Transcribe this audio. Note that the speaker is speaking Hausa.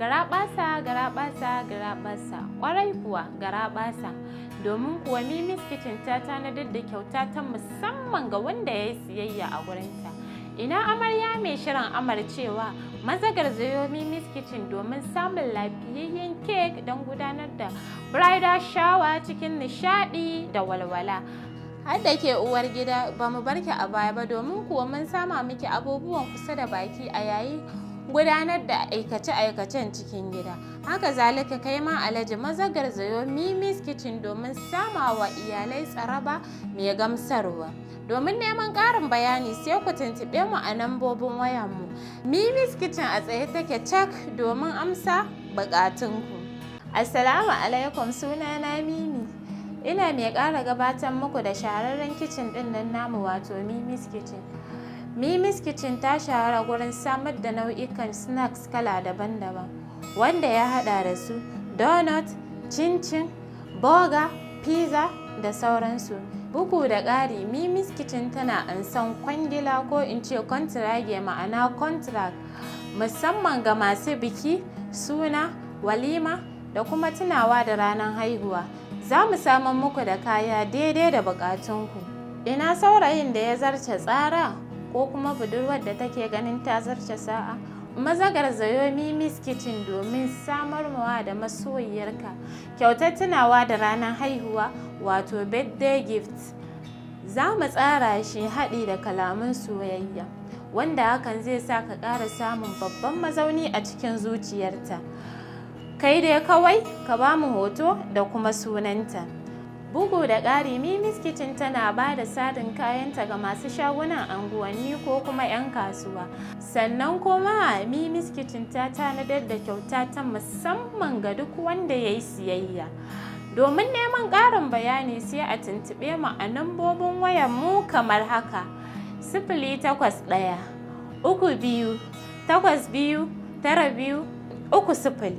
garaɓasa garaɓasa garaɓasa ƙwarai kuwa garaɓasa domin kuwa mimis kitchen ta tanadar da kyauta ta musamman ga wanda ya yi siyayya a gurinta ina amarya mai shirin amarcewa maza garzayo mimis kitchen domin samun lafiyayyen kek don gudanar da bridal shower cikin nishadi da walwala har da ke uwar gida ba mu barki a baya ba domin kuwa mun sama miki abubuwan kusa da baki a yayi. gudanar da aikace-aikacen cikin gida. Haka zalika kai ma Alhaji maza garzayo Mimi's Kitchen domin sama wa iyalai tsaraba mai gamsarwa. Domin neman ƙarin bayani sai ku tuntuɓe mu a nambobin wayanmu. Mimi's Kitchen a tsaye take cak domin amsa bukatun buƙatunku. Assalamu alaikum suna na Mimi. Ina mai ƙara gabatar muku da shahararren kicin ɗin nan namu wato Mimi's Kitchen. Mimi's Kitchen ta shahara gurin samar da nau'ikan snacks kala daban-daban wanda ya haɗa da su donut, cincin, boga, burger, pizza da sauransu. Bugu da ƙari, Mimi's Kitchen tana ansan kwangila ko in ce kontrage ma'ana contract musamman ga masu biki, suna, walima da kuma tunawa da ranar haihuwa. Za mu samu muku da kaya daidai da buƙatunku. Ina saurayin da ya zarce tsara? ko kuma budurwar da take ganin ta zarce sa'a mazagar zayo mimis kitchen domin samarwa da masoyiyarka kyautar tunawa da ranar haihuwa wato birthday gift za mu tsara shi haɗi da kalaman soyayya wanda hakan zai sa ka ƙara samun babban mazauni a cikin zuciyarta kai dai kawai ka ba mu hoto da kuma sunanta Bugu da ƙari Mimis Kitchen tana ba da sadin kayanta ga masu shagunan anguwanni ko kuma 'yan kasuwa. Sannan kuma Mimis Kitchen ta tanadar da kyauta ta musamman ga duk wanda ya yi siyayya. Domin neman ƙarin bayani sai a tuntuɓe mu a nambobin wayar mu kamar haka. Sifili takwas ɗaya, uku biyu, takwas biyu, tara biyu, uku sifili.